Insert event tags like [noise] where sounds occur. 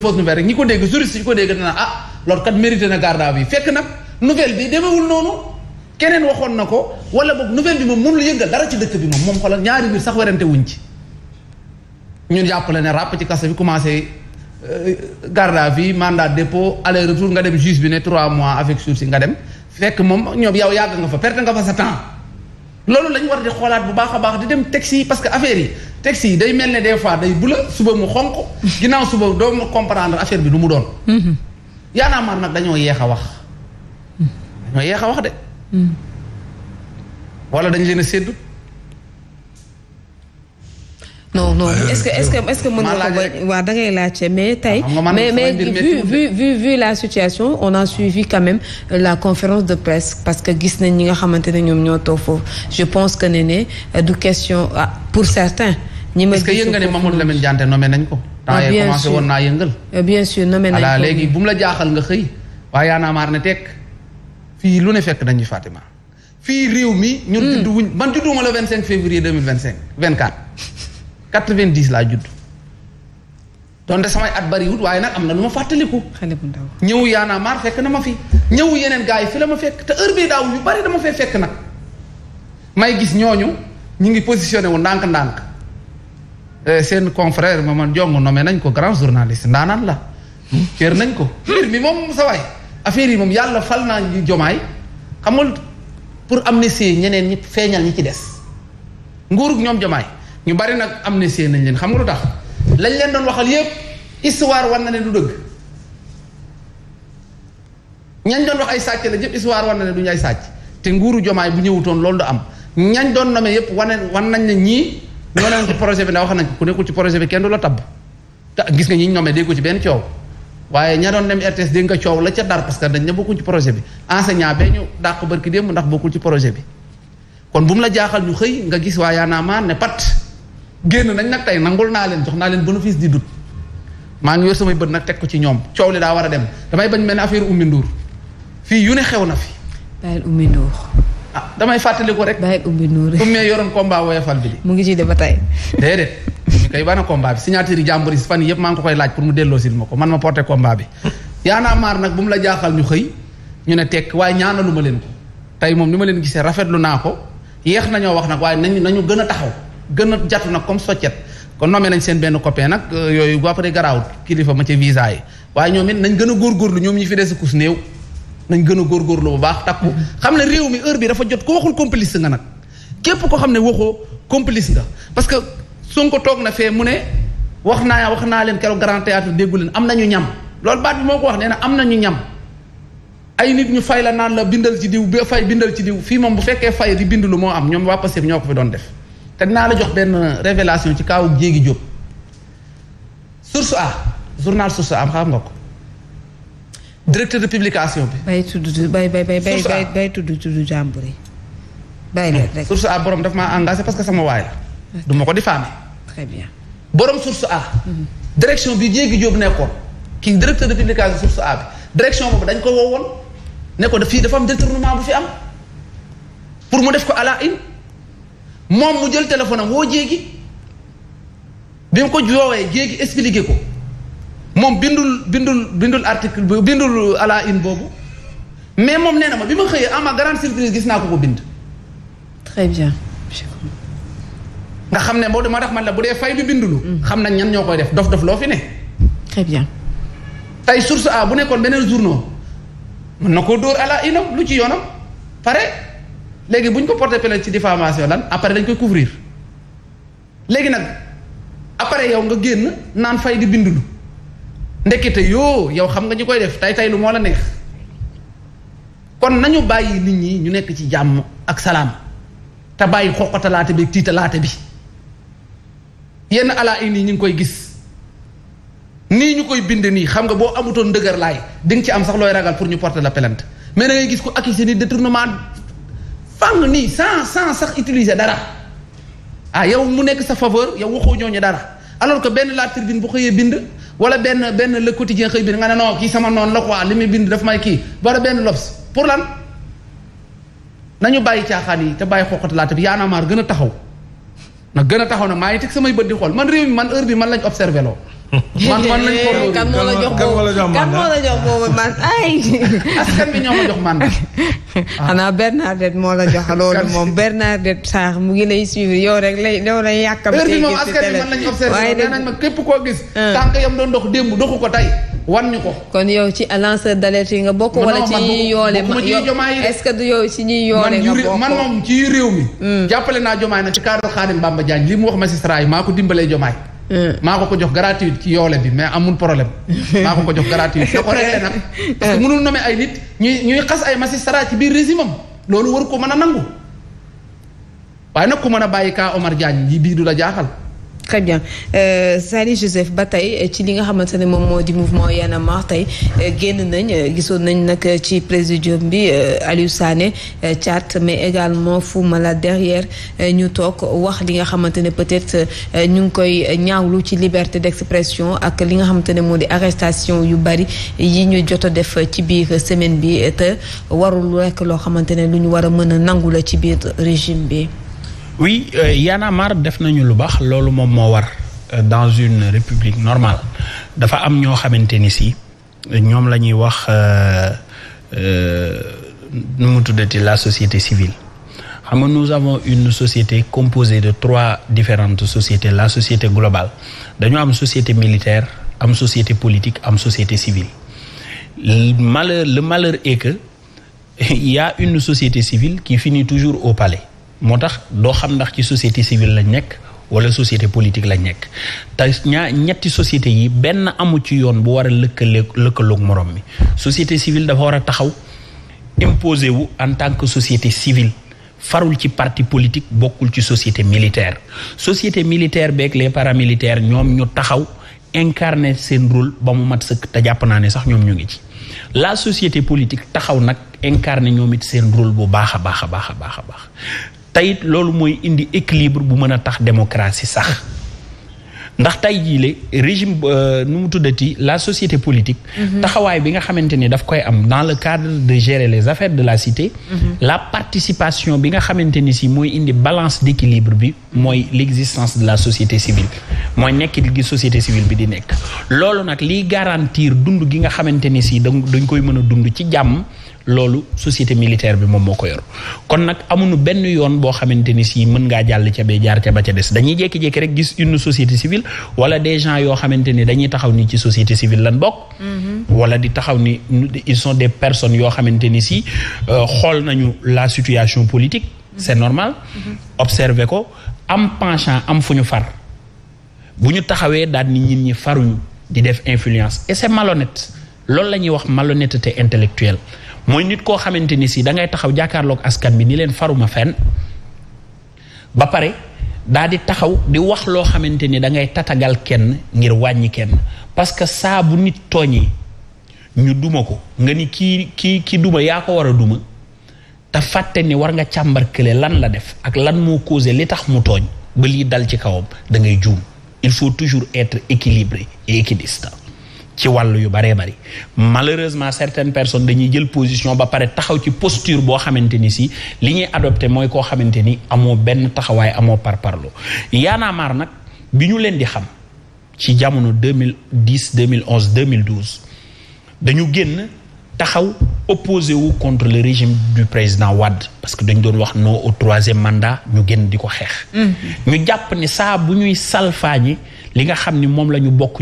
fausse nouvelle rek ñi ko dégg juriste yi ko dégg dana ah loolu kat mérité na garde à fekk nag nouvelle bi demewul noonu keneen waxoon na ko wala boog nouvelle bi moom mënul yëngal dara ci dëkk bi moom moom xoolal ñaari mbir sax werante wuñ ci ñun jàpp la ne ràpp ci kaso bi commencé euh, garde à vue mandat dépôt aller retour nga dem juge bi ne trois mois avec sursis nga dem fekk moom ñoom yow yàgg nga fa perte nga fa sa temps loolu lañ ñu war de xoolaat bu baax a baax di dem taxi yi parce que affaire yi taxi yi day mel ne des fois day bula suba mu xonq ginnaaw suba doo ma comprendre affaire bi lu mu doon yaanaa maar nag dañoo yeex a wax mm. dañoo yeex a wax de mm. wala dañ leen a séddu non non euh, est-ce que est que est-ce que mën nga ko bañ waaw laajte mais tey ah, mais vu vu la situation on a suivi quand même la conférence de presse parce que gis nañ ñi nga xamante ne ñoom ñoo toog foofu je pense que ne ne euh, question ah, pour certains ñi que yëg nga ne Mamadou Lamine Diante nommé nañ ko ah, temps yee commencé woon naa yëngal euh, bien sûr nommé nañ ko léegi bu mu la jaaxal nga xëy waaye yaa naa maar ne tekk fii lu ne fekk nañu Fatima fii réew mi ñun hmm. juddu wuñ man judduuma le vingt cinq février deux mille vingt cinq vingt 90 laa judd donte samay at bariwut waaye nag am na lu ma fàttaliku. xale bu ndaw ñëw yaanaa maar fekk na ma fi. ñëw yeneen gars yi fi la ma fekk te heure bii daaw yu bari dama fee fekk nag may gis ñooñu ñu ngi positionné wu ndànk-ndànk eh, seen confrère ma man jong nommé nañ ko grand journaliste ndaanaan la. cër hmm? nañ ko. mbir mi moom sa waay affaire yi moom yàlla fal naa ñu jomaay xamul pour amnistie ñeneen ñi feeñal ñi ci des nguurug ñoom jomaay. ñu bari nag amnistie nañ leen xam nga lu tax lañ leen doon waxal yépp histoire war na ne du dëgg ñañ doon wax ay sàcc la yépp histoire war na ne duñu ay sàcc te nguuru jomaay bu ñëwutoon loolu du am ñañ doon nome yépp wane wan nañ ne ñii ñoo newoon ci projet bi ndax wax nañ ku nekkul ci projet bi kenn du la tabb te gis nga ñi nome déggu ci benn coow waaye ña doon dem RTS dégg nga coow la ca dar parce que dañ ne bokkuñ ci projet bi enseignant bee ñu dàq barki démb ndax bokkul ci projet bi kon bu mu la jaaxal génn nañ nag tey nangul naa leen jox naa leen bénéfice di dut maa ngi yor samay bët nag teg ko ci ñoom coow li daa war a dem damay bañ mel ne affaire Oumy nduur fii yu ne xew na fi. bàyyil ah damay fàttali ko rek. bàyyil Oumy Ndour. Oumy yoroon combat woyofal bi. mu ngi ciy def ba tey. déedéet ñu koy bana combat bi signature yi jàmbur yi fan yëpp maa ngi ko koy laaj pour mu delloo sil ma ko man ma porté combat bi. yaa naa maar nag bu mu la jaaxal ñu xëy ñu ne tekk waaye ñaanalu ma leen tey moom ni ma leen gisee rafetlu naa ko yéex nañoo wax nag waaye nañu nañu gën a taxaw gën a jatu na comme soccet kon nommé nañ seen benn copain nag euh, yooyu ba pare garaawut kilifa ma ca visa yi waaye ñoom it nañ gën a góor góorgóorlu ñoom ñi fi des kus néew nañ gën a góorgóorlu bu baax takku xam ne réew mi heure bi dafa jot ku waxul complice nga nag képp ko xam ne waxoo complice nga parce que Sonko toog na fee mu ne wax naa wax naa leen keroog grand théâtre déggu leen am nañu ñam lool baat bi moo ko wax nee na am nañu ñam ay nit ñu fay la naan la bindal ci diw bi fay bindal ci diw fii moom bu fekkee fay di lu moo am ñoom ñoo ko fi doon def te naa la jox benn révélation ci kaw Jéegi Jóob source ah journal source A am xam nga ko directeur de bi. bay tudd bay bay bay bay bay tudd tudd jàmbur yi bay leen rek. source A borom daf maa engagé parce que sama waay du ma ko diffamé. très bien borom source A. Mhm. direction bi Jéegi Jóob nekkoon kii directeur de publication source A bi direction boobu dañ ko woowoon ne ko fii dafa am détournement bu fi am pour mu def ko à la moom mu jël téléphone am woo jéegi bi mu ko joowee jéegi expliqué ko moom bindul bindul bindul article bindul à une boobu mais moom nee na ma bi ma xëyee ama grande surprise gis naa ko ko bind. très bien. nga xam ne boo dama tax man la bu dee fay bi bindulu. Mm. xam nañ ñan ñoo koy def dof dof loo fi ne. très bien. tey source a bu nekkoon beneen journaux mën na koo dóor à la une lu ci yoonam pare. léegi bu ñu ko porté plainte ci diffamation lan après dañ koy couvrir léegi nag après yow nga génn naan fay di bindulu ndekete yoo yow xam nga ñu koy def tay tay lu moo la neex kon nañu bàyyi nit ñi ñu nekk ci jàmm ak salaam te bàyyi xoqotalaate bi tiitalaate bi yenn alaa ini ñu ngi koy gis nii ñu koy bind nii xam nga boo amutoon ndëgër laay di nga ci am sax looy ragal pour ñu porter la plainte mais da ngay gis ko accusé de détournement fang nii sans sans sax utiliser dara ah yow mu nekk sa faveur yow waxoo ñooñu dara alors que benn la tribune bu xëyee bind wala benn benn le quotidien xëy bind nga ne non kii sama noonu la quoi li muy bind dafa may kii wala benn lobs pour lan nañu bàyyi caaxaan yi te bàyyi xoqat laata bi yaanamaar gën a taxaw nag gën a taxaw nag maa ngi teg samay bët di xool man réew mi man heure bi man lañ observé loo man man lañ ko kan moo la jox boobu kan moo la jox boobu man ay. askan bi ñoo [laughs] la jox mu ngi lay suivre yow rek lay yow lay yàkkam. heure bi moom askan man nañ ma képp koo gis. Ah. tànk yam doon dox démb doxu ko tey. wan ñu ko. kon yow ci lanceur d'alerte yi nga bokk. wala ci ñuy yoole ma est-ce que du yow ci ñuy yoole nga bokk man moom ci réew mi. Hmm. jàppale naa jomaay na ci cadre Xaadim Bamba Diagne li mu wax ma yi maa ko dimbalee jomaay Euh. maa ko ko jox gratuite ci yoole bi mais amul problème [laughs] maa ko ko jox gratuite da ko réglé nag parce que mënul nommer ay nit ñuy ñuy xas ay magistrat ci biir régime moom loolu war ko mën a nangu waaye nag ku mën a bàyyi kaa Omar Diagne yi bii du la jaaxal très bien euh, Sali Joseph ba tey euh, ci li nga xamante ne moom moo di mouvement Y'en a marre tey euh, génn nañ gisoon nañ nag ci présidium bi Aliou Sané Thiat mais également Fou Malade derrière ñu toog wax li nga xamante ne peut-être ñu ngi koy ñaawlu ci liberté d'expression ak li nga xamante ne moo di arrestation yu bari yi ñu jot a def ci biir semaine bi te warul rekk loo xamante ne lu ñu war a mën a nangu la ci biir régime bi oui euh, def nañu lu baax loolu moom moo war euh, dans une république normale dafa am ñoo xamante ni si ñoom la ñuy wax euh, euh, nu mu tuddati la société civile xam nga nous avons une société composée de trois différentes sociétés la société globale dañoo am société militaire am société politique am société civile le malheur le malheur est que [laughs] il y a une société civile qui finit toujours au palais moo tax doo xam ndax ci société civile lañ nekk wala société politique lañ nekk te ñaa ñetti société yi benn amu ci yoon bu war a lëkkale lëkkaloog morom mi société civile dafa war a taxaw imposé wu en tant que société civile farul ci parti politique bokkul ci société militaire société militaire beeg les paramilitaires ñoom ñu taxaw incarner seen rôle ba mu mat sëkk te jàpp naa ne sax ñoom ñu ngi ci la société politique taxaw nag incarner ñoom it seen rôle bu baax a baax a baax a baax a baax teyit loolu mooy indi équilibre bu mën a tax démocratie sax ndax tey jii le régime euh, nu mu tuddati la société politique mhm. taxawaay bi nga xamante ni daf koy am dans le cadre de gérer les affaires de la cité mhm. la participation bi nga xamante ni si mooy indi balance d'équilibre bi mooy l'existence de la société civile mooy nekk gi société civile bi di nekk loolu nag liy garantir dund gi nga xamante ni si dañ koy mën a dund ci jàmm loolu société militaire bi moom moo ko yor kon nag amunu benn yoon boo xamante ni si mën ngaa jàll ca bee jaar ca ba ca des dañuy jékki-jékki rek gis une société civile wala des gens yoo xamante ni dañuy taxaw ni ci société civile lan bokk. Mm-hmm. wala di taxaw ni ils sont des personnes yoo xamante ni si euh, xool nañu la situation politique. Mm-hmm. c'est normal. Mm-hmm. observer ko am penchant am fu ñu far bu ñu taxawee daal nit ñi faruñu di def influence et c'est malhonnête loolu la ñuy wax malhonnêteté intellectuelle. mooy nit koo xamante ni sii da ngay taxaw jàkkaarloog askan bi ni leen faruma fenn ba pare daa di taxaw di wax loo xamante ni da ngay tatagal kenn ngir wàññi kenn parce que saa bu nit tooñee ñu duma ko nga ni kii kii kii duma yaa ko war a duma te fàtte ni war nga càmbar kële lan la def ak lan moo causé li tax mu tooñ ba lii dal ci kawam da ngay juum il faut toujours être équilibré et équidistant ci wàll yu baree bari malheureusement certaines personnes dañuy jël position ba pare taxaw ci posture boo xamante ni si li ñuy adopté mooy koo xamante ni amoo benn taxawaay amoo par parparloo yaanaamaar nag bi ñu leen di xam ci jamono 2010 2011 2012 dañu génn taxaw opposé wu contre le régime du président wadd parce que dañ doon wax non au troisième mandat ñu génn di ko xeex mm. ñu jàpp ne saa bu ñuy salfaañi li nga xam ni moom la bokk